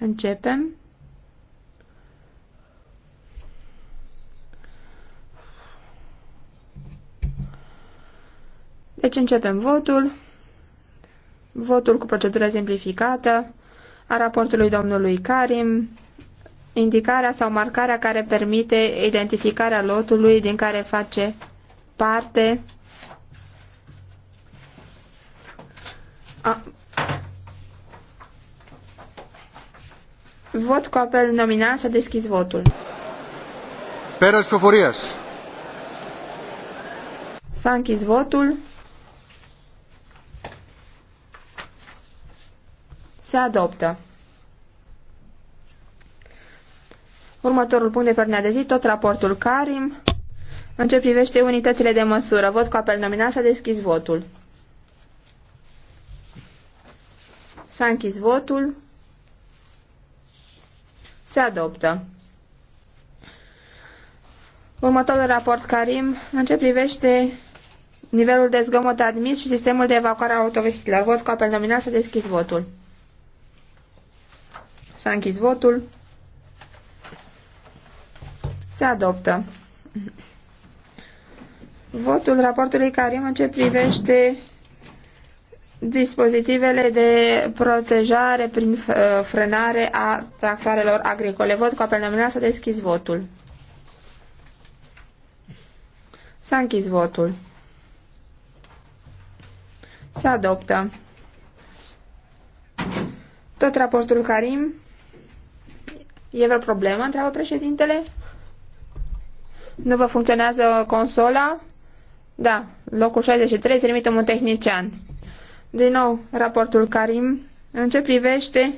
Începem. Deci începem votul. Votul cu procedură simplificată a raportului domnului Karim, indicarea sau marcarea care permite identificarea lotului din care face parte a Vot cu apel nominal s-a deschis votul. Pera Soforias. S-a închis votul. Se adoptă. Următorul punct de pernea de zi, tot raportul Karim. În ce privește unitățile de măsură, vot cu apel nominal s-a deschis votul. S-a închis votul. Se adoptă. Următorul raport, Karim, în ce privește nivelul de zgomot admis și sistemul de evacuare a autovehiculelor. Vot cu apel nominal să deschis votul. S-a închis votul. Se adoptă. Votul raportului Karim în ce privește dispozitivele de protejare prin uh, frânare a tractoarelor agricole. Vot cu apel nominal să deschis votul. S-a închis votul. Se adoptă. Tot raportul Karim. E vreo problemă? Întreabă președintele. Nu vă funcționează consola? Da, locul 63, trimitem un tehnician din nou raportul Karim în ce privește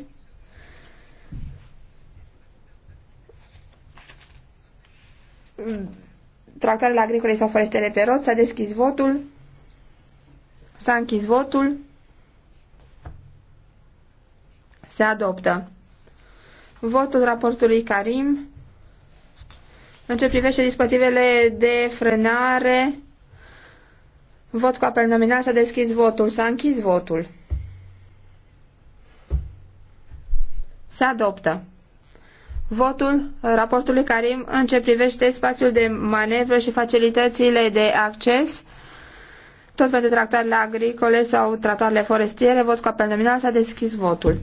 tractoarele agricole sau forestele pe rot, s-a deschis votul, s-a închis votul, se adoptă. Votul raportului Karim în ce privește dispozitivele de frânare Vot cu apel nominal. S-a deschis votul. S-a închis votul. Se adoptă. Votul raportului Karim în ce privește spațiul de manevră și facilitățile de acces tot pentru tractoarele agricole sau tractoarele forestiere, vot cu apel nominal, s-a deschis votul.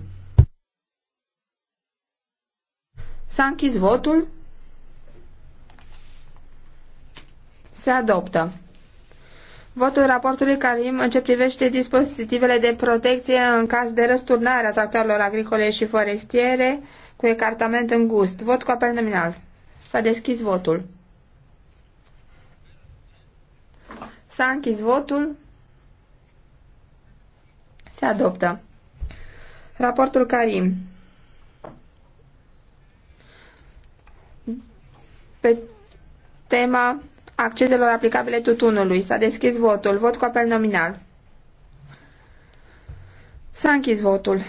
S-a închis votul. Se adoptă votul raportului Karim în ce privește dispozitivele de protecție în caz de răsturnare a tractoarelor agricole și forestiere cu ecartament îngust. Vot cu apel nominal. S-a deschis votul. S-a închis votul. Se adoptă. Raportul Karim. Pe tema accizelor aplicabile tutunului. S-a deschis votul. Vot cu apel nominal. S-a închis votul.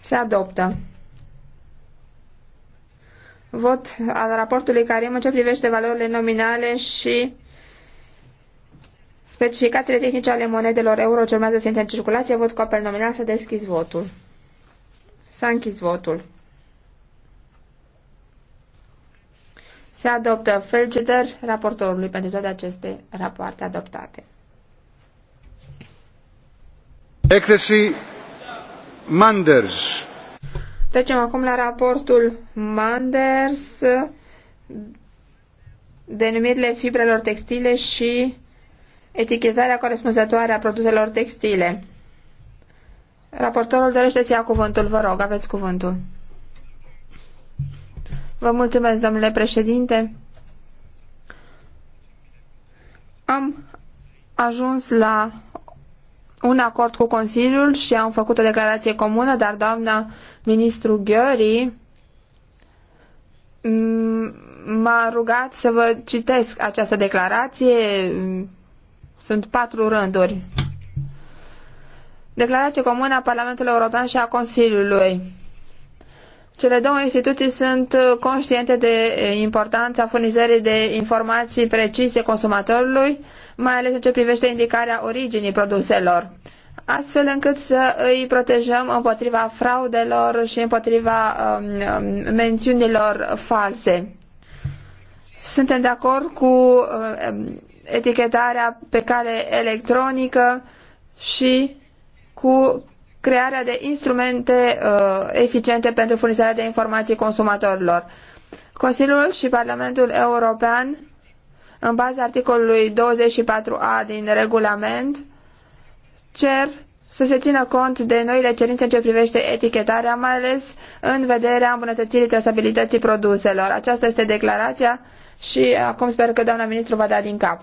Se adoptă. Vot al raportului Carim în ce privește valorile nominale și specificațiile tehnice ale monedelor euro ce urmează să intre în circulație. Vot cu apel nominal. S-a deschis votul. S-a închis votul. Se adoptă felicitări raportorului pentru toate aceste rapoarte adoptate. Έκθεση Manders. Trecem acum la raportul Manders, denumirile fibrelor textile și etichetarea corespunzătoare a produselor textile. Raportorul dorește să ia cuvântul, vă rog, aveți cuvântul. Vă mulțumesc, domnule președinte. Am ajuns la un acord cu Consiliul și am făcut o declarație comună, dar doamna ministru Gheori m-a rugat să vă citesc această declarație. Sunt patru rânduri. Declarație comună a Parlamentului European și a Consiliului cele două instituții sunt uh, conștiente de uh, importanța furnizării de informații precise consumatorului, mai ales în ce privește indicarea originii produselor, astfel încât să îi protejăm împotriva fraudelor și împotriva um, um mențiunilor false. Suntem de acord cu uh, um, etichetarea pe cale electronică și cu crearea de instrumente uh, eficiente pentru furnizarea de informații consumatorilor. Consiliul și Parlamentul European, în baza articolului 24a din regulament, cer să se țină cont de noile cerințe în ce privește etichetarea, mai ales în vederea îmbunătățirii trasabilității produselor. Aceasta este declarația și acum sper că doamna ministru va da din cap.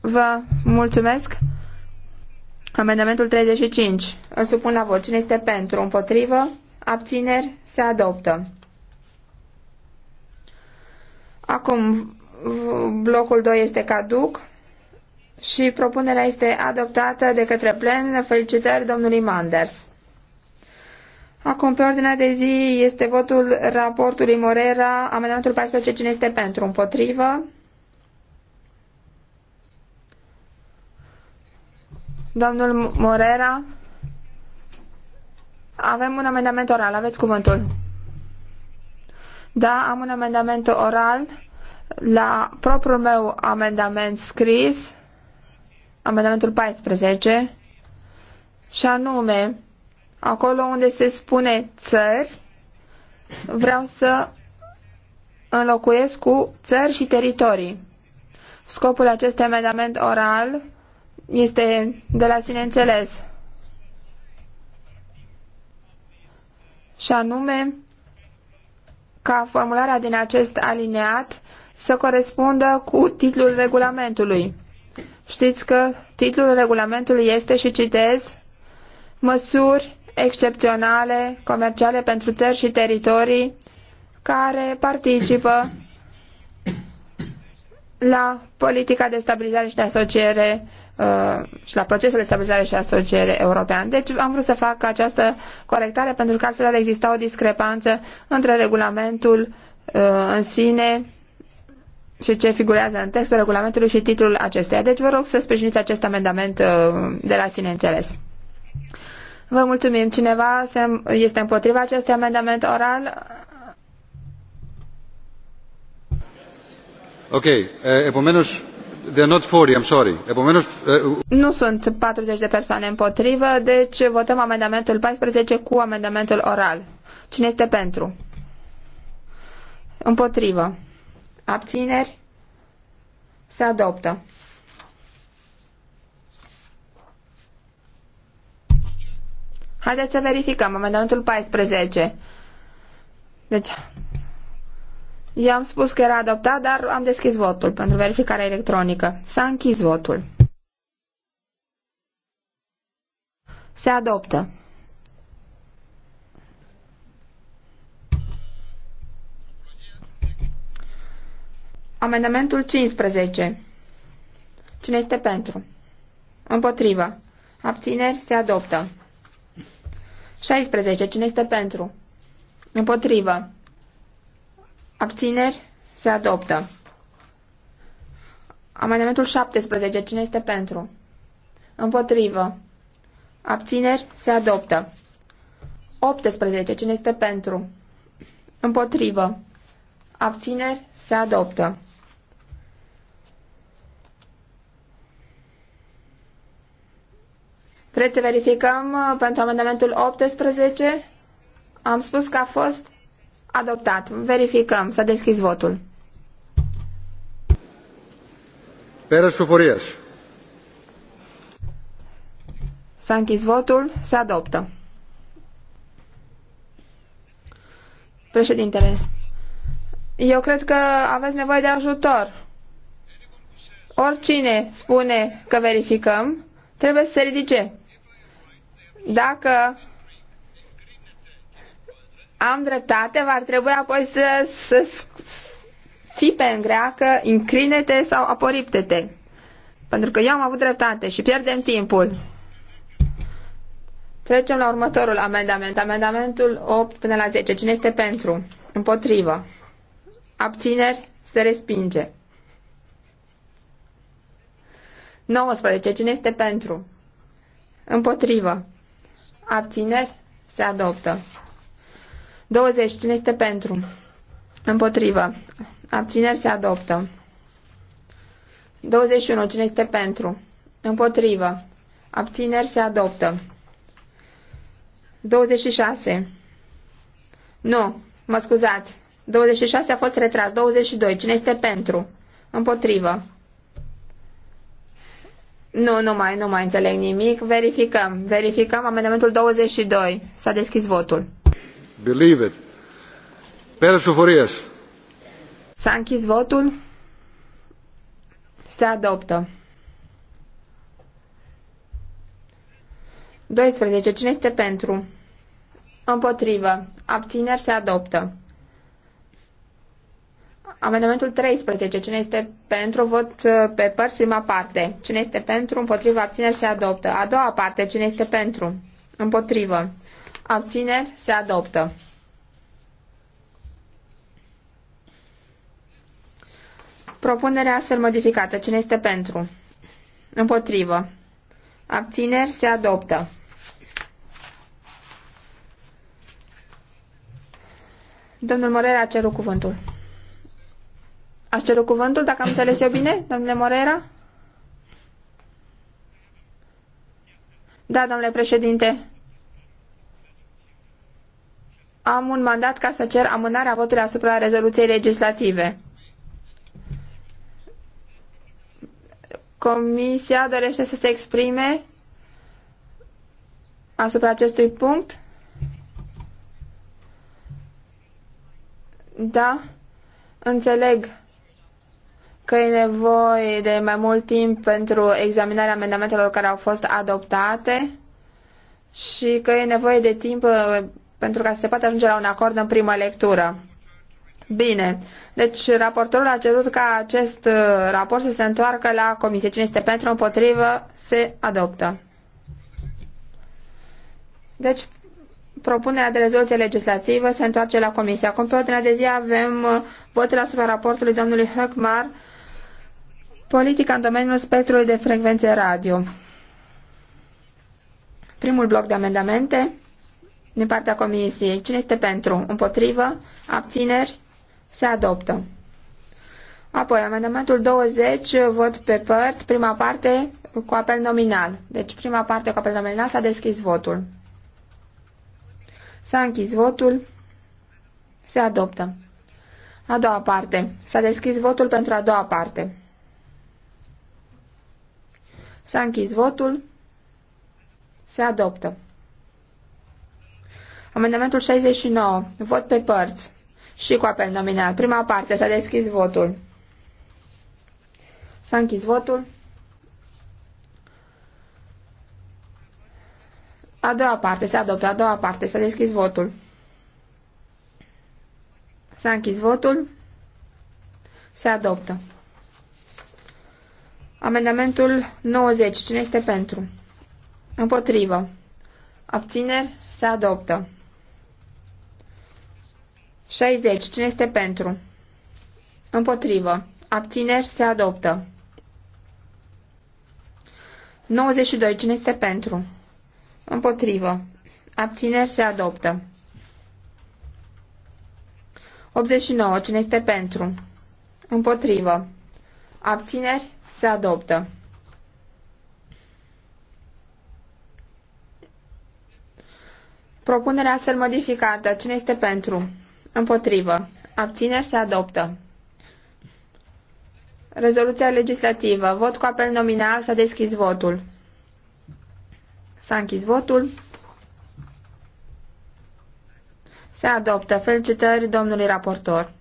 Vă mulțumesc! Amendamentul 35. Îl supun la vot. Cine este pentru? Împotrivă? Abțineri? Se adoptă. Acum, blocul 2 este caduc și propunerea este adoptată de către plen. Felicitări domnului Manders. Acum, pe ordinea de zi, este votul raportului Morera, amendamentul 14. Cine este pentru? Împotrivă? Domnul Morera, avem un amendament oral, aveți cuvântul. Da, am un amendament oral la propriul meu amendament scris, amendamentul 14, și anume, acolo unde se spune țări, vreau să înlocuiesc cu țări și teritorii. Scopul acestui amendament oral este de la sine înțeles. Și anume ca formularea din acest alineat să corespundă cu titlul regulamentului. Știți că titlul regulamentului este și citez măsuri excepționale comerciale pentru țări și teritorii care participă la politica de stabilizare și de asociere Uh, și la procesul de stabilizare și asociere european. Deci am vrut să fac această corectare pentru că altfel ar exista o discrepanță între regulamentul uh, în sine și ce figurează în textul regulamentului și titlul acestuia. Deci vă rog să sprijiniți acest amendament uh, de la sine înțeles. Vă mulțumim. Cineva este împotriva acestui amendament oral? Ok. Epomenos, nu sunt 40 de persoane împotrivă, deci votăm amendamentul 14 cu amendamentul oral. Cine este pentru? Împotrivă. Abțineri? Se adoptă. Haideți să verificăm amendamentul 14. Deci, eu am spus că era adoptat, dar am deschis votul pentru verificarea electronică. S-a închis votul. Se adoptă. Amendamentul 15. Cine este pentru? Împotrivă. Abțineri se adoptă. 16. Cine este pentru? Împotrivă. Abțineri? Se adoptă. Amendamentul 17. Cine este pentru? Împotrivă. Abțineri? Se adoptă. 18. Cine este pentru? Împotrivă. Abțineri? Se adoptă. Vreți să verificăm uh, pentru amendamentul 18? Am spus că a fost Adoptat. Verificăm. S-a deschis votul. Perez Sufurias. S-a închis votul. Se adoptă. Președintele, eu cred că aveți nevoie de ajutor. Oricine spune că verificăm, trebuie să se ridice. Dacă am dreptate, va trebui apoi să, să țipe în greacă, încrinete sau aporiptete. Pentru că eu am avut dreptate și pierdem timpul. Trecem la următorul amendament. Amendamentul 8 până la 10. Cine este pentru? Împotrivă. Abțineri? Se respinge. 19. Cine este pentru? Împotrivă. Abțineri? Se adoptă. 20. Cine este pentru? Împotrivă. Abțineri se adoptă. 21. Cine este pentru? Împotrivă. Abțineri se adoptă. 26. Nu, mă scuzați. 26 a fost retras. 22. Cine este pentru? Împotrivă. Nu, nu mai, nu mai înțeleg nimic. Verificăm. Verificăm amendamentul 22. S-a deschis votul. Believe it. Pera sufories. S-a închis votul. Se adoptă. 12. Cine este pentru? Împotrivă. Abțineri se adoptă. Amendamentul 13. Cine este pentru vot uh, pe părți prima parte? Cine este pentru? Împotrivă. Abțineri se adoptă. A doua parte. Cine este pentru? Împotrivă abțineri, se adoptă. Propunerea astfel modificată. Cine este pentru? Împotrivă. Abțineri se adoptă. Domnul Morera a cerut cuvântul. A cerut cuvântul, dacă am înțeles eu bine, domnule Morera? Da, domnule președinte am un mandat ca să cer amânarea votului asupra rezoluției legislative. Comisia dorește să se exprime asupra acestui punct? Da, înțeleg că e nevoie de mai mult timp pentru examinarea amendamentelor care au fost adoptate și că e nevoie de timp pentru ca să se poată ajunge la un acord în primă lectură. Bine, deci raportorul a cerut ca acest uh, raport să se întoarcă la comisie. Cine este pentru, împotrivă, se adoptă. Deci, propunerea de rezoluție legislativă se întoarce la comisie. Acum, pe ordinea de zi, avem uh, votul asupra raportului domnului Höckmar, politica în domeniul spectrului de frecvențe radio. Primul bloc de amendamente din partea comisiei. Cine este pentru? Împotrivă? Abțineri? Se adoptă. Apoi, amendamentul 20, vot pe părți, prima parte cu apel nominal. Deci, prima parte cu apel nominal s-a deschis votul. S-a închis votul. Se adoptă. A doua parte. S-a deschis votul pentru a doua parte. S-a închis votul. Se adoptă. Amendamentul 69. Vot pe părți. Și cu apel nominal. Prima parte. S-a deschis votul. S-a închis votul. A doua parte. Se adoptă. A doua parte. S-a deschis votul. S-a închis votul. Se adoptă. Amendamentul 90. Cine este pentru? Împotrivă. Abțineri? Se adoptă. 60. Cine este pentru? Împotrivă. Abțineri se adoptă. 92. Cine este pentru? Împotrivă. Abțineri se adoptă. 89. Cine este pentru? Împotrivă. Abțineri se adoptă. Propunerea astfel modificată. Cine este pentru? Împotrivă. Abțineri se adoptă. Rezoluția legislativă. Vot cu apel nominal. S-a deschis votul. S-a închis votul. Se adoptă. Felicitări domnului raportor.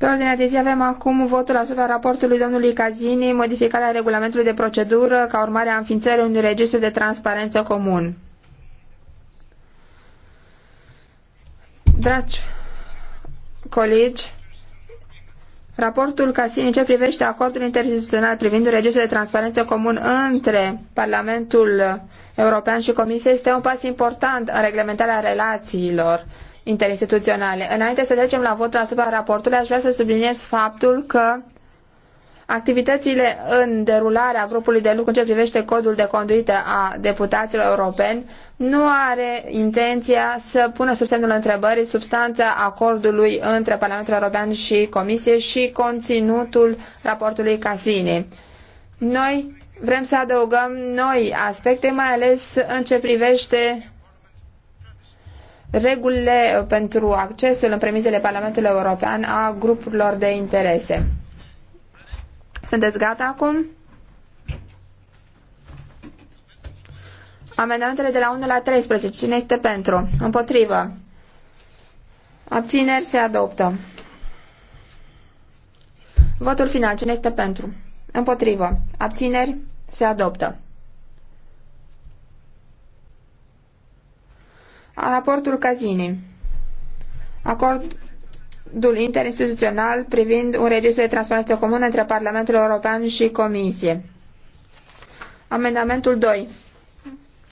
Pe ordinea de zi avem acum votul asupra raportului domnului Cazini, modificarea regulamentului de procedură ca urmare a înființării unui registru de transparență comun. Dragi colegi, raportul Casini ce privește acordul interinstituțional privind un registru de transparență comun între Parlamentul European și Comisie este un pas important în reglementarea relațiilor interinstituționale. Înainte să trecem la votul asupra raportului, aș vrea să subliniez faptul că activitățile în derularea grupului de lucru în ce privește codul de conduită a deputaților europeni nu are intenția să pună sub semnul întrebării substanța acordului între Parlamentul European și Comisie și conținutul raportului Casini. Noi vrem să adăugăm noi aspecte, mai ales în ce privește regulile pentru accesul în premizele Parlamentului European a grupurilor de interese. Sunteți gata acum? Amendamentele de la 1 la 13. Cine este pentru? Împotrivă. Abțineri se adoptă. Votul final. Cine este pentru? Împotrivă. Abțineri se adoptă. Raportul Cazini. Acordul interinstituțional privind un registru de transparență comună între Parlamentul European și Comisie. Amendamentul 2.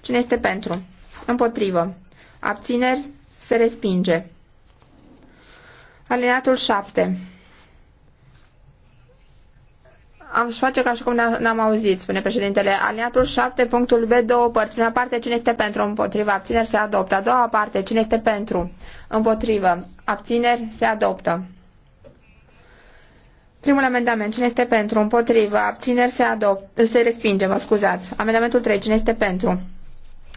Cine este pentru? Împotrivă. Abțineri? Se respinge. Alineatul 7 am face ca și cum n-am auzit, spune președintele. Aliniatul 7, punctul B, două părți. Prima parte, cine este pentru, împotriva, abțineri, se adoptă. A doua parte, cine este pentru, împotrivă, abțineri, se adoptă. Primul amendament, cine este pentru, împotrivă, abțineri, se, adoptă, se respinge, mă scuzați. Amendamentul 3, cine este pentru,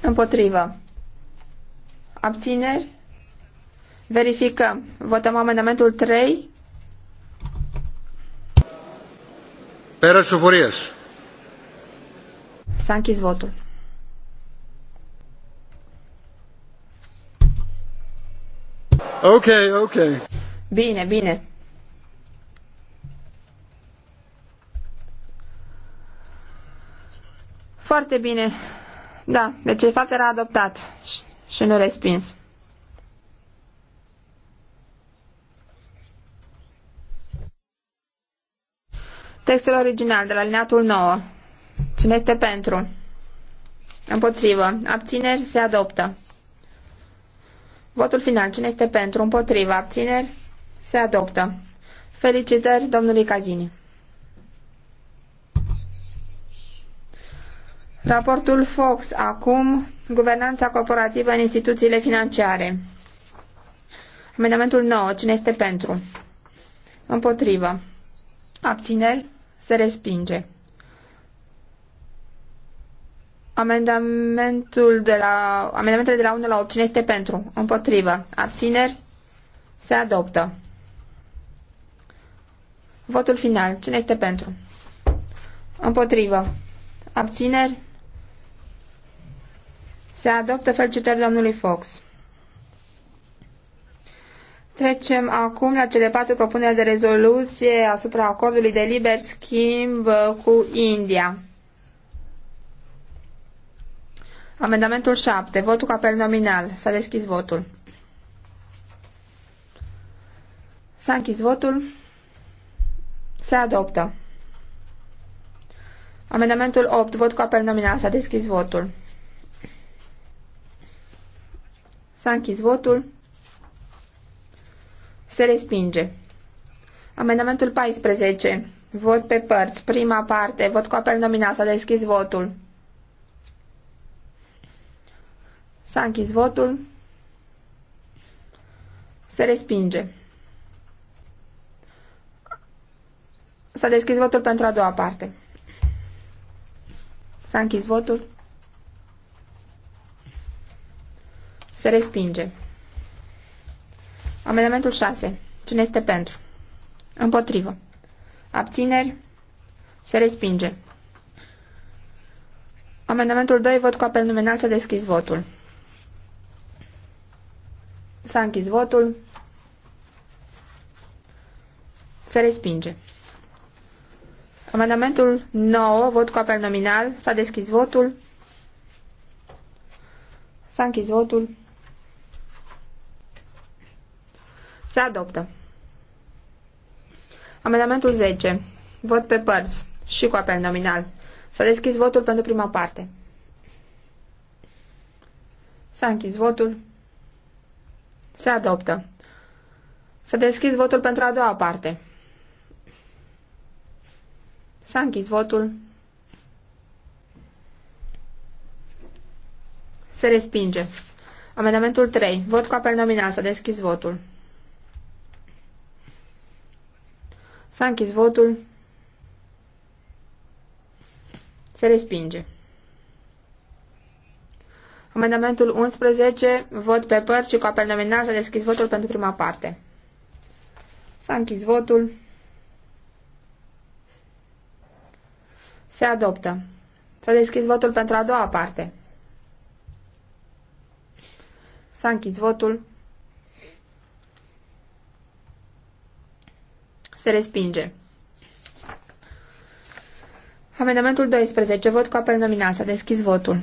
împotrivă, abțineri, verificăm. Votăm amendamentul 3, Πέρα ψηφοφορίας. S-a închis votul. Ok, ok. Bine, bine. Foarte bine. Da, deci fapt era adoptat și nu respins. Textul original de la alineatul 9. Cine este pentru? Împotrivă. Abțineri se adoptă. Votul final. Cine este pentru? Împotrivă. Abțineri se adoptă. Felicitări domnului Cazini. Raportul Fox acum, guvernanța corporativă în instituțiile financiare. Amendamentul 9. Cine este pentru? Împotrivă. Abțineri se respinge. Amendamentul de la, amendamentele de la 1 la 8. Cine este pentru? Împotrivă. Abțineri? Se adoptă. Votul final. Cine este pentru? Împotrivă. Abțineri? Se adoptă felicitări domnului Fox. Trecem acum la cele patru propuneri de rezoluție asupra acordului de liber schimb uh, cu India. Amendamentul 7. Votul cu apel nominal. S-a deschis votul. S-a închis votul. Se adoptă. Amendamentul 8. Vot cu apel nominal. S-a deschis votul. S-a închis votul. Se respinge. Amendamentul 14. Vot pe părți. Prima parte. Vot cu apel nominal. S-a deschis votul. S-a închis votul. Se respinge. S-a deschis votul pentru a doua parte. S-a închis votul. Se respinge. Amendamentul 6. Cine este pentru? Împotrivă. Abțineri? Se respinge. Amendamentul 2. Vot cu apel nominal să deschizi votul. S-a închis votul. Se respinge. Amendamentul 9, vot cu apel nominal, s-a deschis votul. S-a închis votul. Se adoptă. Amendamentul 10. Vot pe părți și cu apel nominal. S-a deschis votul pentru prima parte. S-a închis votul. Se adoptă. S-a deschis votul pentru a doua parte. S-a închis votul. Se respinge. Amendamentul 3. Vot cu apel nominal. S-a deschis votul. S-a închis votul. Se respinge. Amendamentul 11, vot pe părți și cu apel nominal s-a deschis votul pentru prima parte. S-a închis votul. Se adoptă. S-a deschis votul pentru a doua parte. S-a închis votul. Se respinge. Amendamentul 12. Vot cu apel nominal. S-a deschis votul.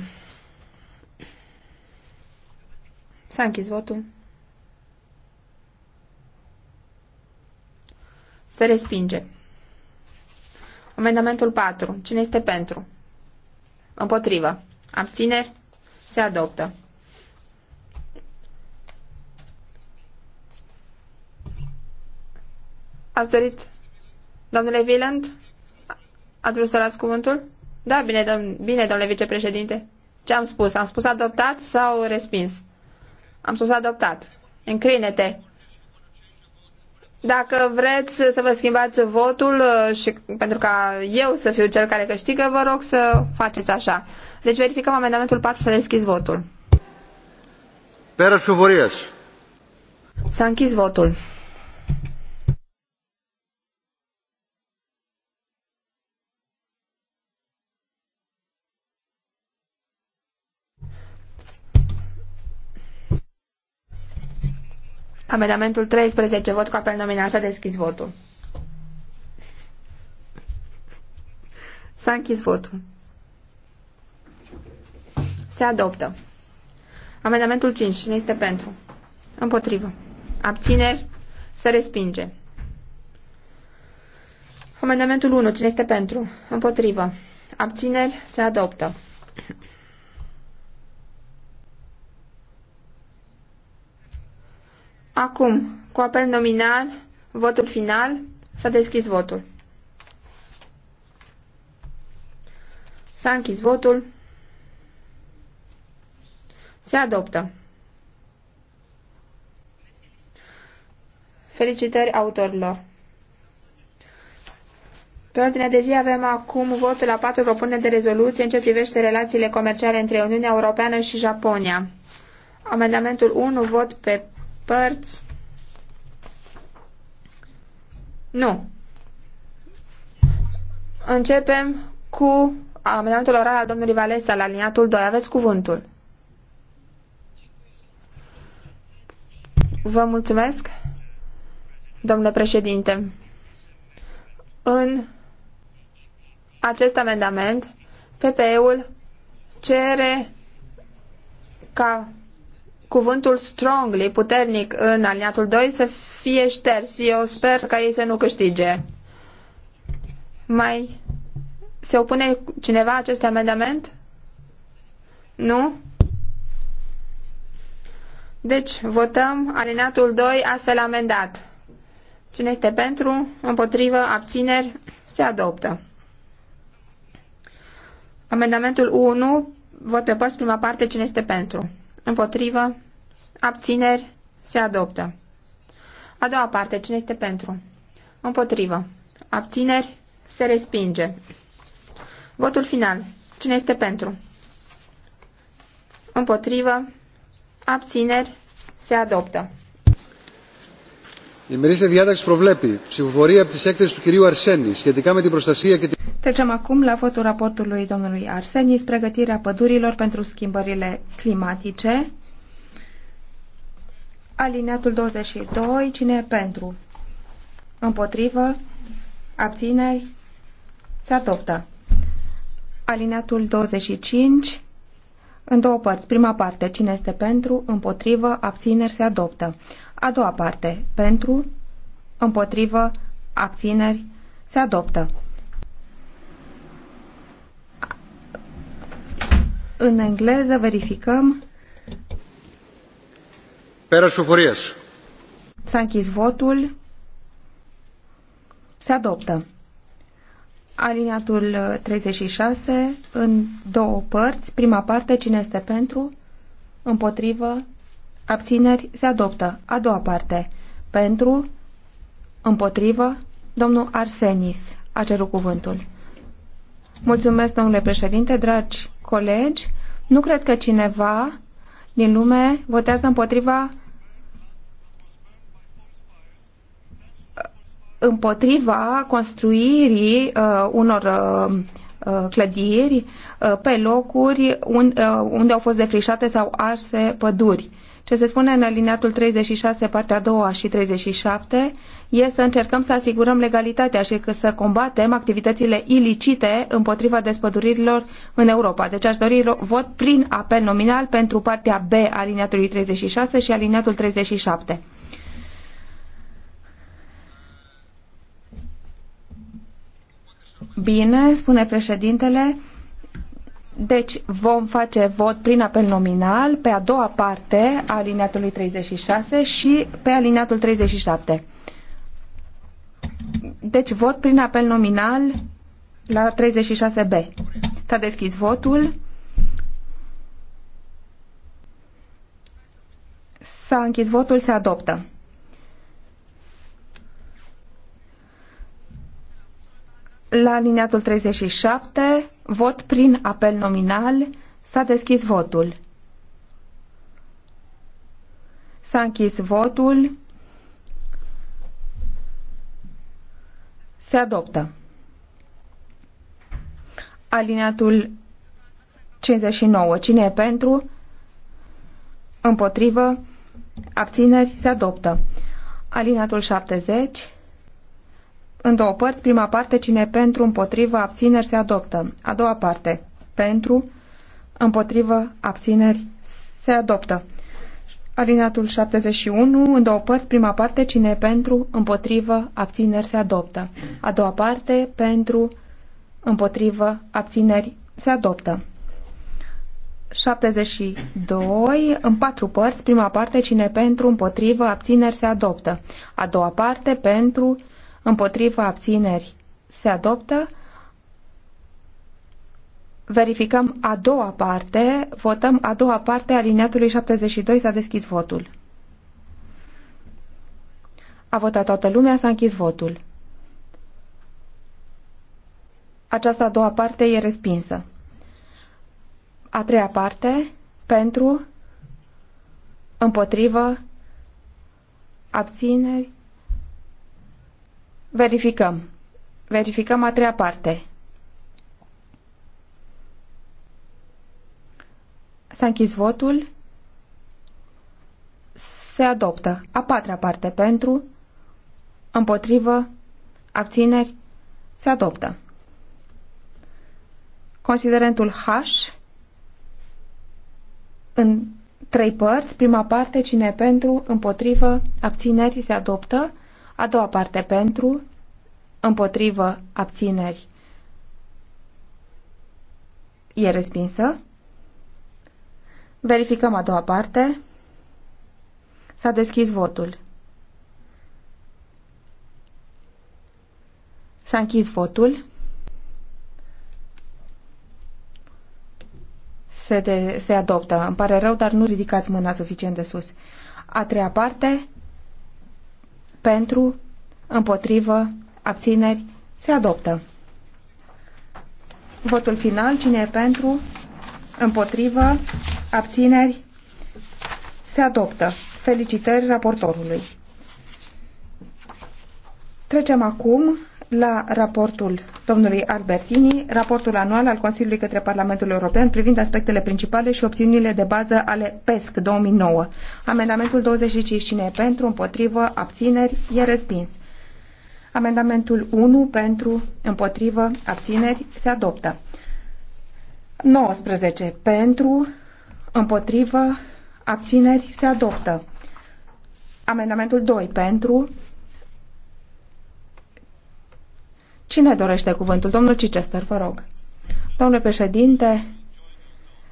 S-a închis votul. Se respinge. Amendamentul 4. Cine este pentru? Împotrivă. Abțineri? Se adoptă. Ați dorit, domnule Wieland, ați vrut să luați cuvântul? Da, bine, dom- bine, domnule vicepreședinte. Ce am spus? Am spus adoptat sau respins? Am spus adoptat. Încrine-te. Dacă vreți să vă schimbați votul uh, și pentru ca eu să fiu cel care câștigă, vă rog să faceți așa. Deci verificăm amendamentul 4 să deschizi votul. Pera Șuvorias. S-a închis votul. Amendamentul 13, vot cu apel nominal, s-a deschis votul. S-a închis votul. Se adoptă. Amendamentul 5. Cine este pentru? Împotrivă. Abțineri? Se respinge. Amendamentul 1. Cine este pentru? Împotrivă. Abțineri? Se adoptă. Acum, cu apel nominal, votul final, s-a deschis votul. S-a închis votul. Se adoptă. Felicitări autorilor. Pe ordinea de zi avem acum votul la patru propuneri de rezoluție în ce privește relațiile comerciale între Uniunea Europeană și Japonia. Amendamentul 1, vot pe părți. Nu. Începem cu amendamentul oral al domnului Valesa la liniatul 2. Aveți cuvântul. Vă mulțumesc, domnule președinte. În acest amendament, PPE-ul cere ca cuvântul strongly, puternic, în aliniatul 2 să fie șters. Eu sper ca ei să nu câștige. Mai se opune cineva acest amendament? Nu? Deci, votăm alineatul 2 astfel amendat. Cine este pentru, împotrivă, abțineri, se adoptă. Amendamentul 1, vot pe post prima parte, cine este pentru? Împotrivă. Abțineri. Se adoptă. A doua parte. Cine este pentru? Împotrivă. Abțineri. Se respinge. Votul final. Cine este pentru? Împotrivă. Abțineri. Se adoptă. Η μερίστη διάταξη προβλέπει ψηφοφορία από τις έκθεσεις του κυρίου Αρσένη σχετικά με την προστασία και την. Trecem acum la votul raportului domnului Arsenis, pregătirea pădurilor pentru schimbările climatice. Alineatul 22, cine e pentru? Împotrivă? Abțineri? Se adoptă. Alineatul 25, în două părți. Prima parte, cine este pentru? Împotrivă? Abțineri? Se adoptă. A doua parte, pentru? Împotrivă? Abțineri? Se adoptă. În engleză verificăm. Pera Șufuries. S-a închis votul. Se adoptă. Aliniatul 36 în două părți. Prima parte, cine este pentru? Împotrivă? Abțineri? Se adoptă. A doua parte. Pentru? Împotrivă? Domnul Arsenis a cerut cuvântul. Mulțumesc, domnule președinte, dragi colegi, nu cred că cineva din lume votează împotriva împotriva construirii uh, unor uh, uh, clădiri uh, pe locuri un, uh, unde au fost defrișate sau arse păduri. Ce se spune în aliniatul 36, partea a doua și 37, e să încercăm să asigurăm legalitatea și că să combatem activitățile ilicite împotriva despăduririlor în Europa. Deci aș dori vot prin apel nominal pentru partea B aliniatului 36 și aliniatul 37. Bine, spune președintele. Deci vom face vot prin apel nominal pe a doua parte a alineatului 36 și pe alineatul 37. Deci vot prin apel nominal la 36B. S-a deschis votul. S-a închis votul, se adoptă. La alineatul 37, vot prin apel nominal, s-a deschis votul. S-a închis votul. Se adoptă. Alineatul 59. Cine e pentru? Împotrivă? Abțineri? Se adoptă. Alineatul 70. În două părți, prima parte, cine e pentru, împotrivă, abțineri, se adoptă. A doua parte, pentru, împotrivă, abțineri, se adoptă. Alineatul 71, în două părți, prima parte, cine e pentru, împotrivă, abțineri, se adoptă. A doua parte, pentru, împotrivă, abțineri, se adoptă. 72, în patru părți, prima parte, cine pentru, împotrivă, abțineri, se adoptă. A doua parte, pentru, împotrivă, abțineri, se adoptă verificăm a doua parte, votăm a doua parte aliniatului 72, s-a deschis votul. A votat toată lumea, s-a închis votul. Aceasta a doua parte e respinsă. A treia parte, pentru, împotrivă, abțineri. Verificăm. Verificăm a treia parte. S-a închis votul. Se adoptă. A patra parte pentru, împotrivă, abțineri, se adoptă. Considerentul H în trei părți, prima parte, cine pentru, împotrivă, abțineri, se adoptă, a doua parte pentru, împotrivă, abțineri, e respinsă, Verificăm a doua parte. S-a deschis votul. S-a închis votul. Se, de, se adoptă. Îmi pare rău, dar nu ridicați mâna suficient de sus. A treia parte, pentru, împotrivă, abțineri, se adoptă. Votul final, cine e pentru? împotrivă, abțineri, se adoptă. Felicitări raportorului. Trecem acum la raportul domnului Albertini, raportul anual al Consiliului către Parlamentul European privind aspectele principale și opțiunile de bază ale PESC 2009. Amendamentul 25 cine e pentru, împotrivă, abțineri, e respins. Amendamentul 1 pentru, împotrivă, abțineri, se adoptă. 19. Pentru, împotrivă, abțineri, se adoptă. Amendamentul 2. Pentru. Cine dorește cuvântul? Domnul Cicester, vă rog. Domnule președinte,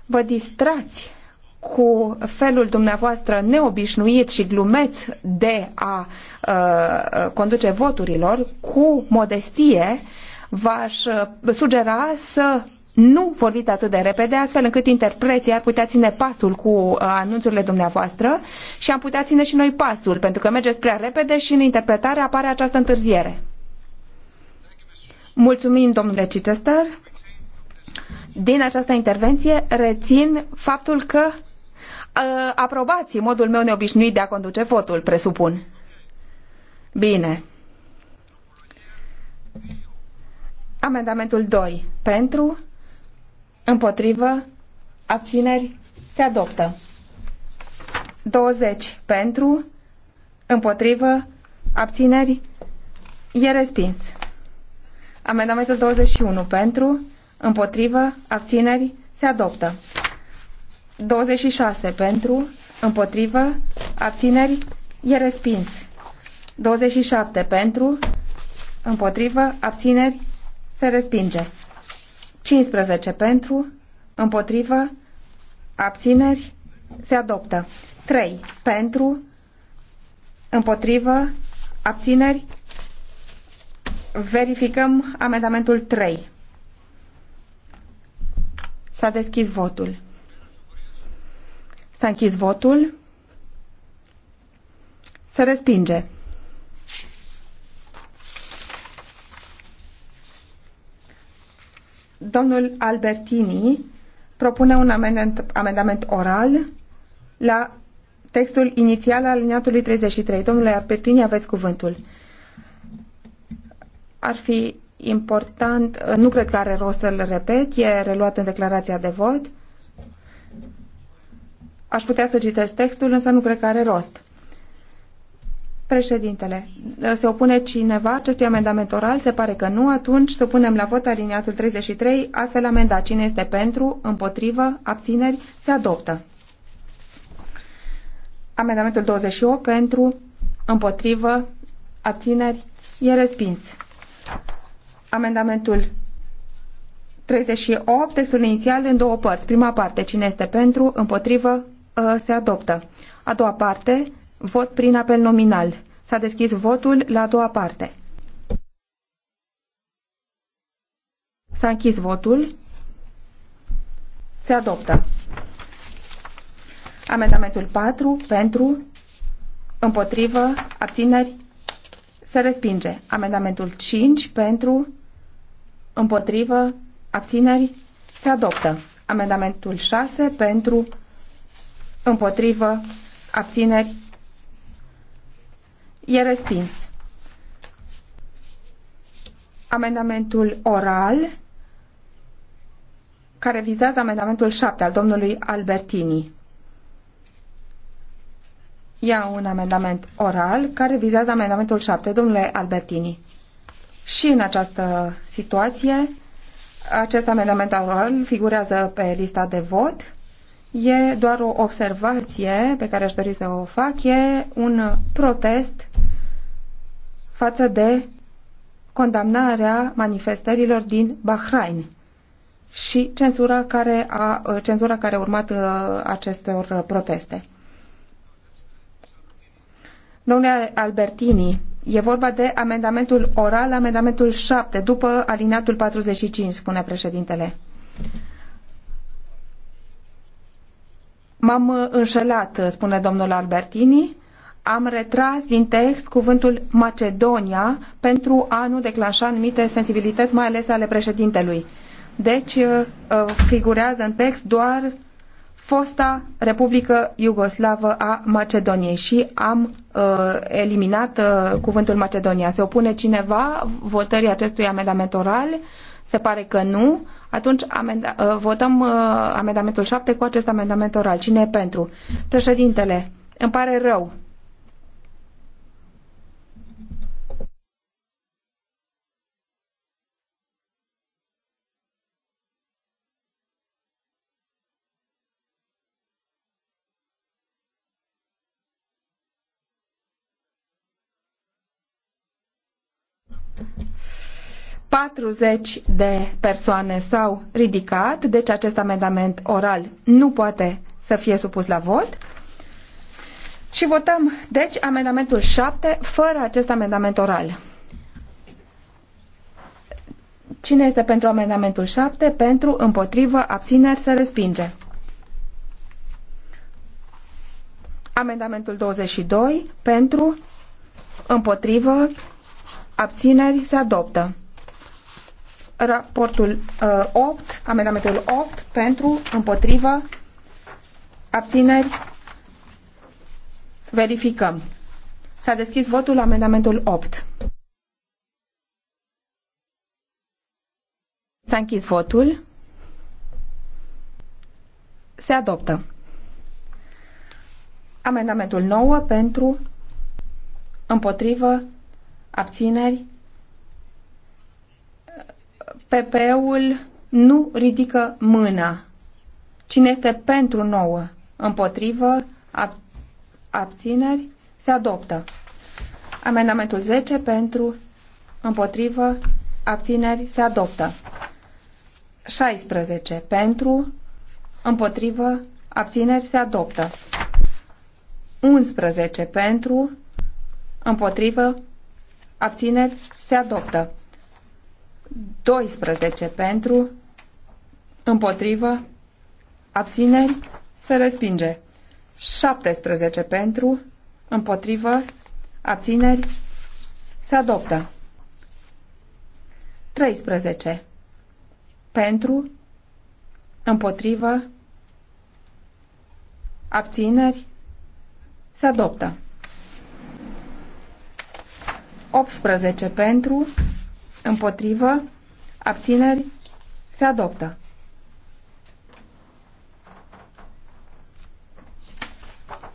vă distrați cu felul dumneavoastră neobișnuit și glumeț de a uh, conduce voturilor, cu modestie, v-aș uh, sugera să nu vorbiți atât de repede, astfel încât interpreții ar putea ține pasul cu uh, anunțurile dumneavoastră și am putea ține și noi pasul, pentru că mergeți prea repede și în interpretare apare această întârziere. Mulțumim, domnule Chichester. Din această intervenție rețin faptul că uh, aprobați modul meu neobișnuit de a conduce votul, presupun. Bine. Amendamentul 2. Pentru? Împotrivă. Abțineri. Se adoptă. 20 pentru. Împotrivă. Abțineri. E respins. Amendamentul 21 pentru. Împotrivă. Abțineri. Se adoptă. 26 pentru. Împotrivă. Abțineri. E respins. 27 pentru. Împotrivă. Abțineri. Se respinge. 15 pentru, împotrivă, abțineri, se adoptă. 3 pentru, împotrivă, abțineri, verificăm amendamentul 3. S-a deschis votul. S-a închis votul. Se respinge. Domnul Albertini propune un amendament, amendament oral la textul inițial al liniatului 33. Domnule Albertini, aveți cuvântul. Ar fi important, nu cred că are rost să-l repet, e reluat în declarația de vot. Aș putea să citesc textul, însă nu cred că are rost. Președintele, se opune cineva acestui amendament oral? Se pare că nu. Atunci să punem la vot aliniatul 33, astfel amendat. Cine este pentru, împotrivă, abțineri, se adoptă. Amendamentul 28 pentru, împotrivă, abțineri, e respins. Amendamentul 38, textul inițial în două părți. Prima parte, cine este pentru, împotrivă, ă, se adoptă. A doua parte, Vot prin apel nominal. S-a deschis votul la a doua parte. S-a închis votul. Se adoptă. Amendamentul 4 pentru, împotrivă, abțineri, se respinge. Amendamentul 5 pentru, împotrivă, abțineri, se adoptă. Amendamentul 6 pentru, împotrivă, abțineri, E respins. Amendamentul oral care vizează amendamentul 7 al domnului Albertini. Ia un amendament oral care vizează amendamentul 7, domnule Albertini. Și în această situație, acest amendament oral figurează pe lista de vot e doar o observație pe care aș dori să o fac, e un protest față de condamnarea manifestărilor din Bahrain și cenzura care a, cenzura care a urmat uh, acestor proteste. Domnule Albertini, e vorba de amendamentul oral, amendamentul 7, după alineatul 45, spune președintele. M-am uh, înșelat, uh, spune domnul Albertini. Am retras din text cuvântul Macedonia pentru a nu declanșa anumite sensibilități, mai ales ale președintelui. Deci uh, figurează în text doar fosta Republică Iugoslavă a Macedoniei și am uh, eliminat uh, cuvântul Macedonia. Se opune cineva votării acestui amendament oral? Se pare că nu. Atunci amenda, uh, votăm uh, amendamentul 7 cu acest amendament oral. Cine e pentru? Președintele, îmi pare rău. 40 de persoane s-au ridicat, deci acest amendament oral nu poate să fie supus la vot. Și votăm, deci, amendamentul 7 fără acest amendament oral. Cine este pentru amendamentul 7? Pentru, împotrivă, abțineri, se respinge. Amendamentul 22, pentru, împotrivă, abțineri, se adoptă raportul uh, 8, amendamentul 8 pentru, împotrivă, abțineri, verificăm. S-a deschis votul amendamentul 8. S-a închis votul. Se adoptă. Amendamentul 9 pentru, împotrivă, abțineri, ppe ul nu ridică mâna. Cine este pentru nouă, Împotrivă? Ab- abțineri? Se adoptă. Amendamentul 10 pentru, împotrivă, abțineri, se adoptă. 16 pentru, împotrivă, abțineri, se adoptă. 11 pentru, împotrivă, abțineri, se adoptă. 12 pentru, împotrivă, abțineri, se respinge. 17 pentru, împotrivă, abțineri, se adoptă. 13 pentru, împotrivă, abțineri, se adoptă. 18 pentru, Împotrivă. Abțineri. Se adoptă.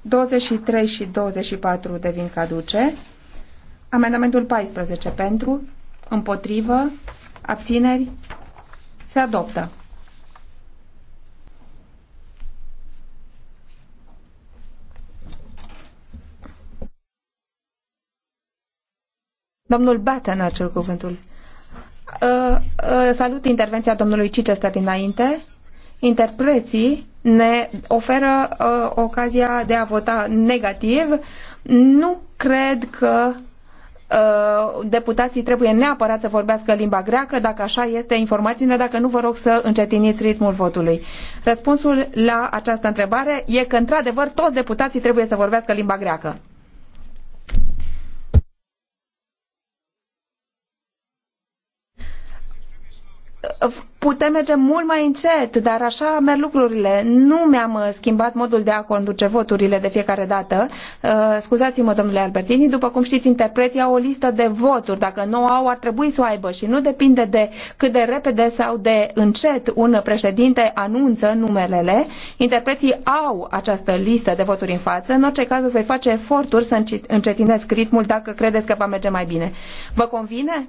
Douăzeci și trei și douăzeci și patru devin caduce. Amendamentul 14 pentru, împotrivă, abțineri, se adoptă. Domnul Batten a cel cuvântul. Ă, ă, salut intervenția domnului Cicestă dinainte. Interpreții ne oferă uh, ocazia de a vota negativ. Nu cred că uh, deputații trebuie neapărat să vorbească limba greacă. Dacă așa este, informațiile, dacă nu, vă rog să încetiniți ritmul votului. Răspunsul la această întrebare e că, într-adevăr, toți deputații trebuie să vorbească limba greacă. putem merge mult mai încet, dar așa merg lucrurile. Nu mi-am uh, schimbat modul de a conduce voturile de fiecare dată. Uh, scuzați-mă, domnule Albertini, după cum știți, interpreții au o listă de voturi. Dacă nu au, ar trebui să o aibă și nu depinde de cât de repede sau de încet un președinte anunță numerele. Interpreții au această listă de voturi în față. În orice caz, voi face eforturi să încetinesc ritmul dacă credeți că va merge mai bine. Vă convine?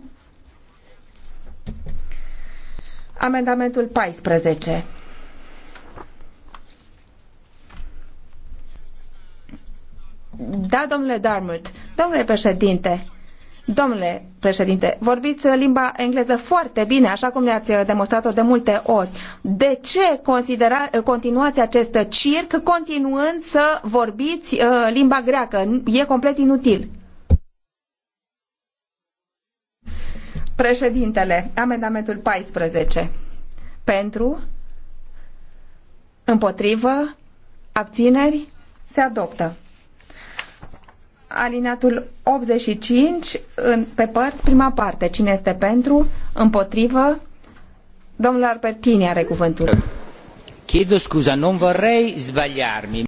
Amendamentul 14. Da, domnule Darmut, domnule președinte, Domnule președinte, vorbiți limba engleză foarte bine, așa cum ne-ați demonstrat-o de multe ori. De ce considera, continuați acest circ continuând să vorbiți uh, limba greacă? E complet inutil. Președintele, amendamentul 14. Pentru, împotrivă, abțineri, se adoptă. Alineatul 85, în, pe părți, prima parte. Cine este pentru, împotrivă, domnul Arpertini are cuvântul. Chiedo scuza, non vorrei sbagliarmi.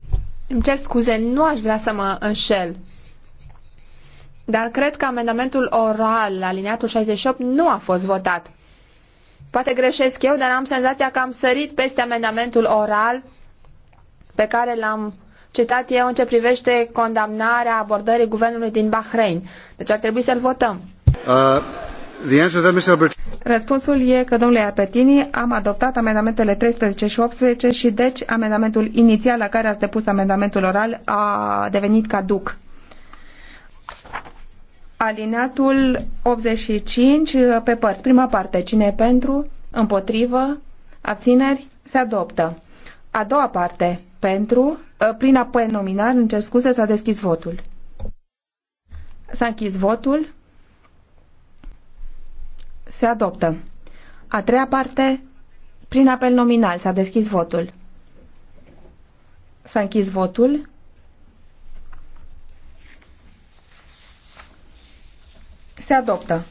Îmi cer scuze, nu aș vrea să mă înșel. Dar cred că amendamentul oral, aliniatul 68, nu a fost votat. Poate greșesc eu, dar am senzația că am sărit peste amendamentul oral pe care l-am citat eu în ce privește condamnarea abordării guvernului din Bahrain. Deci ar trebui să-l votăm. Uh, the answer that Mr. Albert... Răspunsul e că, domnule Arpetini, am adoptat amendamentele 13 și 18 și deci amendamentul inițial la care ați depus amendamentul oral a devenit caduc alineatul 85 uh, pe părți. Prima parte, cine e pentru, împotrivă, abțineri, se adoptă. A doua parte, pentru, uh, prin apel nominal, în cer scuze, s-a deschis votul. S-a închis votul. Se adoptă. A treia parte, prin apel nominal, s-a deschis votul. S-a închis votul. se adoptă.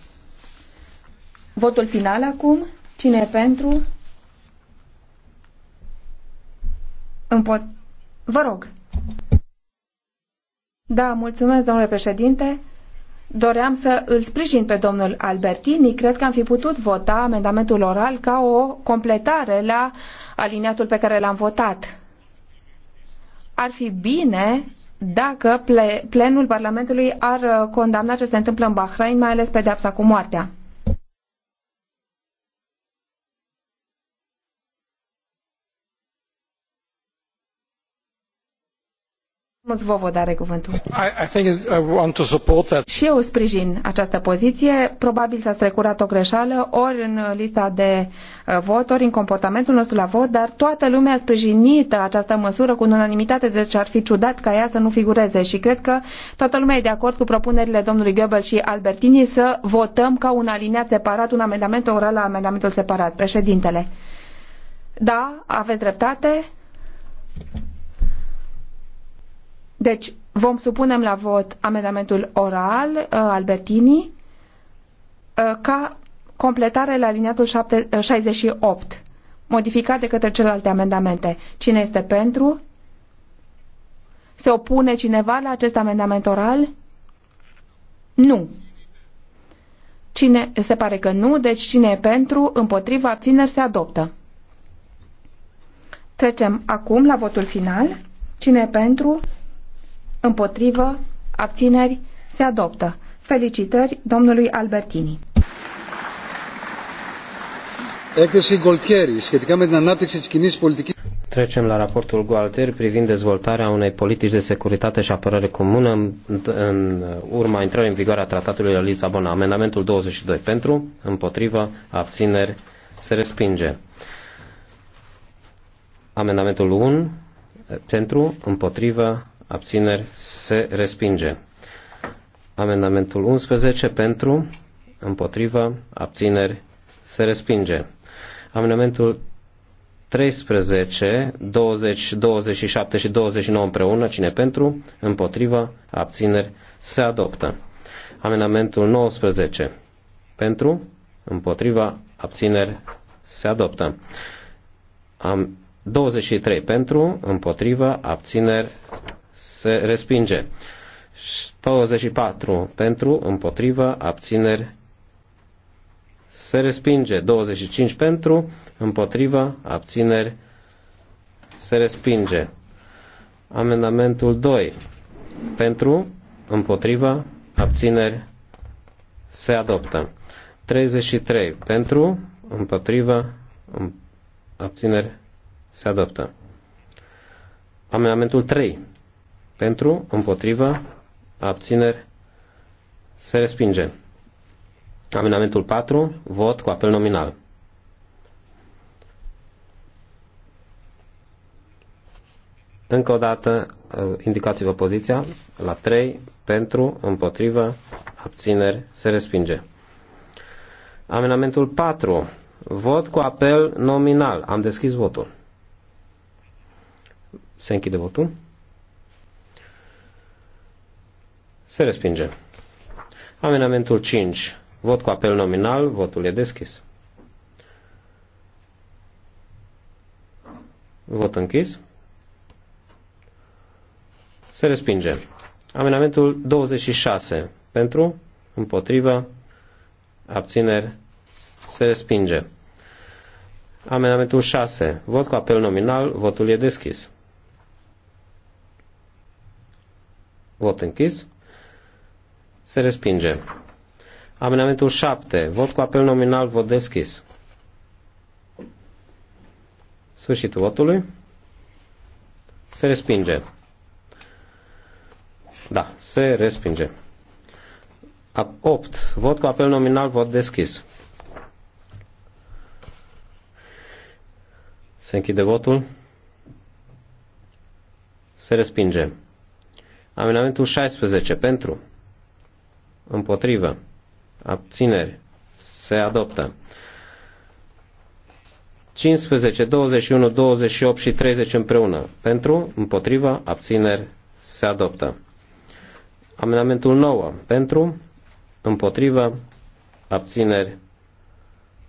Votul final acum. Cine e pentru? pot. Vă rog. Da, mulțumesc, domnule președinte. Doream să îl sprijin pe domnul Albertini. Cred că am fi putut vota amendamentul oral ca o completare la aliniatul pe care l-am votat. Ar fi bine dacă plenul Parlamentului ar uh, condamna ce se întâmplă în Bahrain, mai ales pedeapsa cu moartea. Svoboda are cuvântul. I, I think I want to support that. Și eu sprijin această poziție. Probabil s-a strecurat o greșeală ori în lista de uh, vot, ori în comportamentul nostru la vot, dar toată lumea a sprijinit această măsură cu unanimitate, deci ar fi ciudat ca ea să nu figureze. Și cred că toată lumea e de acord cu propunerile domnului Goebbels și Albertini să votăm ca un aliniat separat, un amendament oral la amendamentul separat. Președintele. Da, aveți dreptate. Deci vom supunem la vot amendamentul oral uh, Albertini uh, ca completare la liniatul 68, uh, modificat de către celelalte amendamente. Cine este pentru? Se opune cineva la acest amendament oral? Nu. Cine se pare că nu, deci cine e pentru, împotriva, abțineri, se adoptă. Trecem acum la votul final. Cine e pentru? împotrivă, abțineri, se adoptă. Felicitări domnului Albertini. Έκθεση Γκολτιέρη σχετικά με την ανάπτυξη της Trecem la raportul Gualter privind dezvoltarea unei politici de securitate și apărare comună în, în urma intrării în vigoare a tratatului de Lisabona. Amendamentul 22 pentru, împotrivă, abțineri, se respinge. Amendamentul 1 pentru, împotrivă, abțineri, se respinge. Amendamentul 11 pentru, împotrivă, abțineri, se respinge. Amendamentul 13, 20, 27 și 29 împreună, cine pentru, împotrivă, abțineri, se adoptă. Amendamentul 19, pentru, împotriva, abțineri, se adoptă. Am 23 pentru, împotriva, abțineri, se respinge. 24 pentru, împotrivă, abțineri, se respinge. 25 pentru, împotrivă, abțineri, se respinge. Amendamentul 2 pentru, împotrivă, abțineri, se adoptă. 33 pentru, împotrivă, abțineri, se adoptă. Amendamentul 3 pentru, împotrivă, abțineri, se respinge. Amendamentul 4, vot cu apel nominal. Încă o dată, uh, indicați-vă poziția. La 3, pentru, împotrivă, abțineri, se respinge. Amendamentul 4, vot cu apel nominal. Am deschis votul. Se închide votul. Se respinge. Amenamentul 5. Vot cu apel nominal. Votul e deschis. Vot închis. Se respinge. Amenamentul 26. Pentru, împotrivă, abțineri, se respinge. Amendamentul 6. Vot cu apel nominal. Votul e deschis. Vot închis. Se respinge. Amendamentul 7. Vot cu apel nominal, vot deschis. Sfârșitul votului. Se respinge. Da, se respinge. 8. Vot cu apel nominal, vot deschis. Se închide votul. Se respinge. Amendamentul 16. Pentru împotrivă, abțineri, se adoptă. 15, 21, 28 și 30 împreună. Pentru, împotriva, abțineri, se adoptă. Amendamentul 9. Pentru, împotriva, abțineri,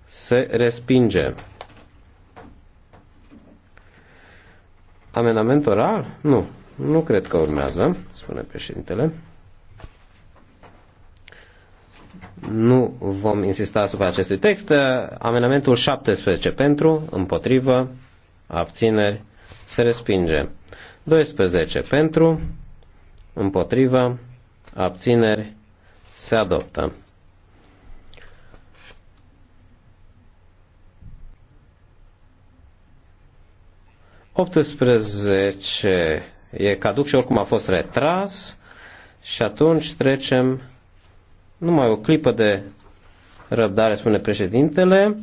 se respinge. Amendament oral? Nu. Nu cred că urmează, spune președintele. Nu vom insista asupra acestui text. Amenamentul 17 pentru, împotrivă, abțineri, se respinge. 12 pentru, împotrivă, abțineri, se adoptă. Optsprezece e caduc și oricum a fost retras și atunci trecem numai o clipă de răbdare, spune președintele.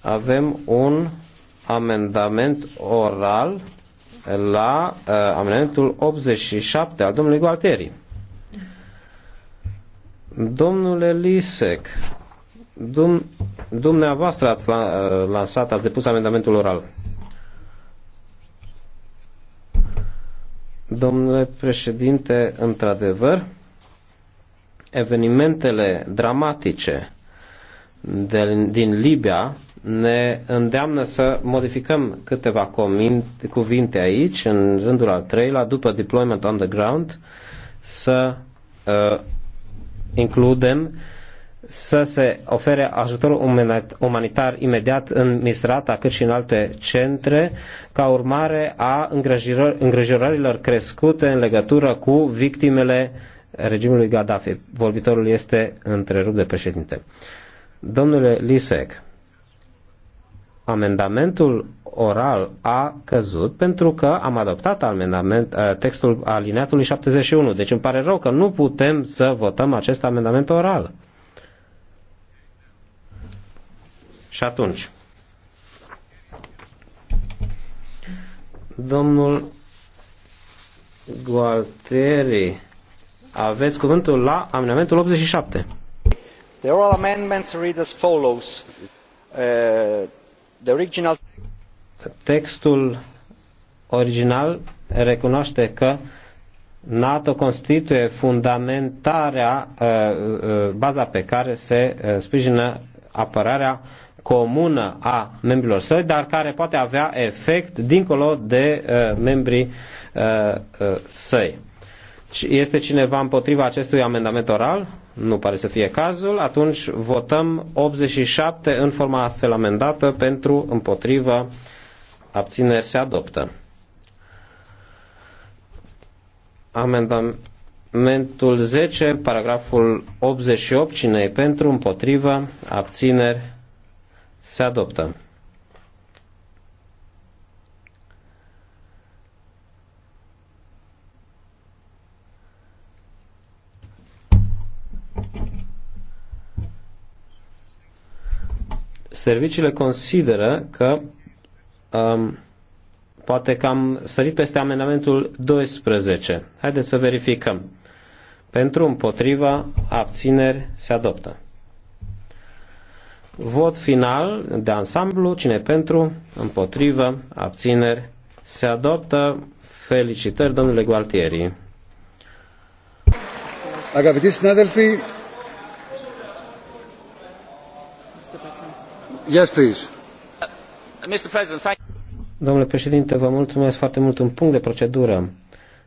Avem un amendament oral la uh, amendamentul 87 al domnului Gualteri. Domnule Lisec, dum, dumneavoastră ați uh, lansat, ați depus amendamentul oral. Domnule președinte, într-adevăr, evenimentele dramatice de, din Libia ne îndeamnă să modificăm câteva cuvinte aici, în rândul al treilea, după deployment on the ground, să uh, includem să se ofere ajutor umanitar imediat în Misrata, cât și în alte centre, ca urmare a îngrijorărilor crescute în legătură cu victimele uh, regimului Gaddafi. Vorbitorul este întrerupt de președinte. Domnule Lisek, amendamentul oral a căzut pentru că am adoptat amendament, eh, textul alineatului 71. Deci îmi pare rău că nu putem să votăm acest amendament oral. Și atunci, domnul Gualteri. Aveți cuvântul la amendamentul 87. The oral amendments read as follows. Uh, the original... Textul original recunoaște că NATO constituie fundamentarea, uh, uh baza pe care se uh, sprijină apărarea comună a membrilor săi, dar care poate avea efect dincolo de uh, membrii uh, uh, săi. Este cineva împotriva acestui amendament oral? Nu pare să fie cazul. Atunci votăm 87 în forma astfel amendată pentru împotrivă abțineri se adoptă. Amendamentul 10, paragraful 88, cine e pentru, împotrivă, abțineri, se adoptă. serviciile consideră că um, poate că am sărit peste amendamentul 12. Haideți să verificăm. Pentru, împotriva, abțineri, se adoptă. Vot final de ansamblu, cine pentru, împotrivă, abțineri, se adoptă. Felicitări, domnule Gualtieri. Αγαπητοί συνάδελφοι, Domnule președinte, vă mulțumesc foarte mult. Un punct de procedură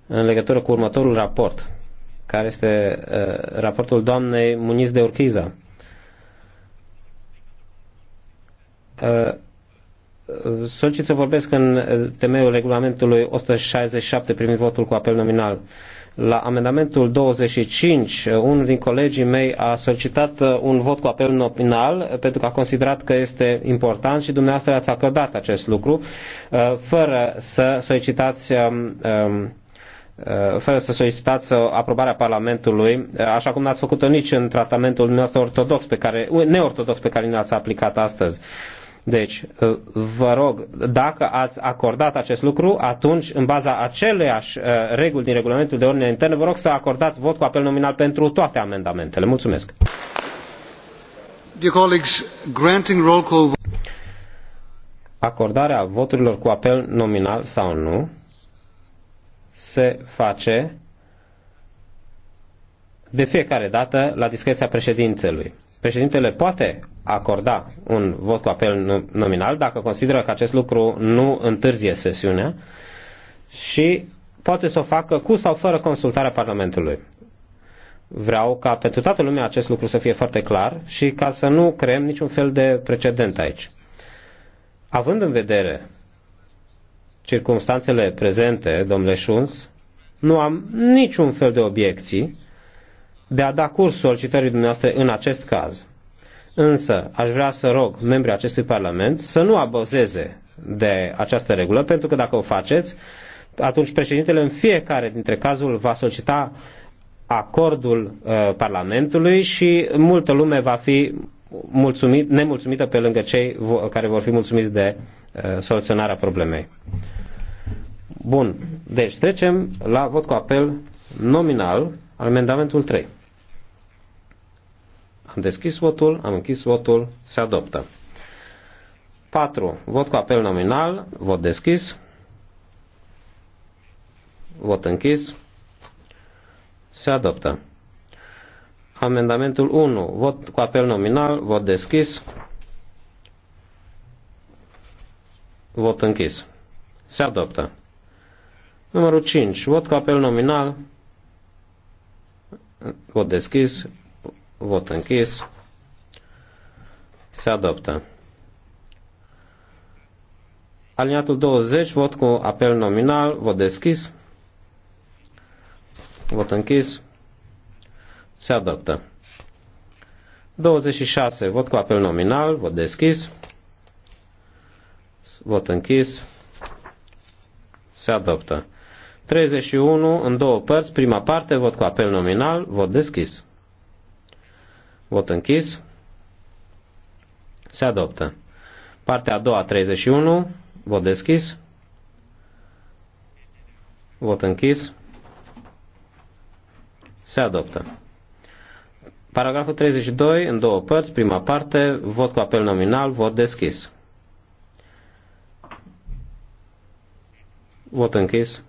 în legătură cu următorul raport, care este uh, raportul doamnei Muniz de Urchiza. Uh, solicit să vorbesc în temeiul regulamentului 167 privind votul cu apel nominal. La amendamentul 25, unul din colegii mei a solicitat uh, un vot cu apel nominal uh, pentru că a considerat că este important și dumneavoastră ați acordat acest lucru uh, fără să solicitați um, um, fără să solicitați aprobarea Parlamentului, așa cum n-ați făcut-o nici în tratamentul nostru ortodox pe care, neortodox pe care ne-ați aplicat astăzi. Deci, uh, vă rog, dacă ați acordat acest lucru, atunci, în baza aceleiași uh, reguli din regulamentul de ordine internă, vă rog să acordați vot cu apel nominal pentru toate amendamentele. Mulțumesc. Acordarea voturilor cu apel nominal sau nu se face de fiecare dată la discreția președintelui. Președintele poate acorda un vot cu apel nominal dacă consideră că acest lucru nu întârzie sesiunea și poate să o facă cu sau fără consultarea Parlamentului. Vreau ca pentru toată lumea acest lucru să fie foarte clar și ca să nu creăm niciun fel de precedent aici. Având în vedere circumstanțele prezente, domnule Șuns, nu am niciun fel de obiecții de a da curs solicitării dumneavoastră în acest caz. Însă, aș vrea să rog membrii acestui Parlament să nu abozeze de această regulă, pentru că dacă o faceți, atunci președintele în fiecare dintre cazul va solicita acordul uh, Parlamentului și multă lume va fi mulțumit, nemulțumită pe lângă cei care vor fi mulțumiți de uh, soluționarea problemei. Bun, deci trecem la vot cu apel nominal, al amendamentul 3. Am deschis votul, am închis votul, se adoptă. 4. Vot cu apel nominal, vot deschis, vot închis, se adoptă. Amendamentul 1. Vot cu apel nominal, vot deschis, vot închis. Se adoptă. Numărul 5. Vot cu apel nominal, vot deschis, Vot închis. Se adoptă. Aliniatul 20, vot cu apel nominal, vot deschis. Vot închis. Se adoptă. 26, vot cu apel nominal, vot deschis. Vot închis. Se adoptă. 31 în două părți, prima parte, vot cu apel nominal, vot deschis. Vot închis. Se adoptă. Partea a doua, 31. Vot deschis. Vot închis. Se adoptă. Paragraful 32, în două părți, prima parte, vot cu apel nominal, vot deschis. Vot închis.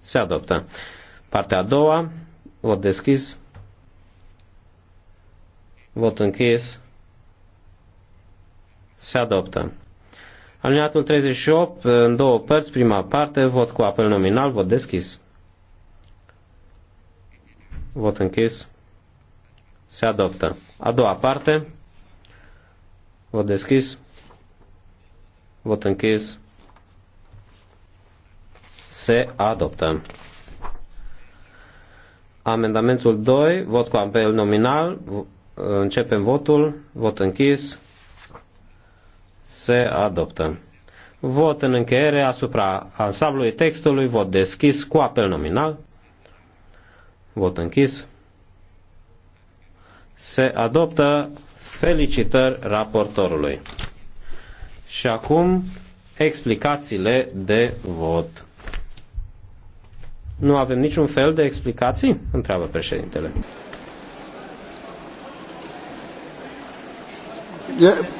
Se adoptă. Partea a doua, vot deschis. Vot închis. Se adoptă. Alineatul 38, în două părți, prima parte, vot cu apel nominal, vot deschis. Vot închis. Se adoptă. A doua parte, vot deschis. Vot închis. Se adoptă. Amendamentul 2, vot cu apel nominal, Începem votul. Vot închis. Se adoptă. Vot în încheiere asupra ansamblului textului. Vot deschis cu apel nominal. Vot închis. Se adoptă. Felicitări raportorului. Și acum explicațiile de vot. Nu avem niciun fel de explicații? Întreabă președintele. Yeah.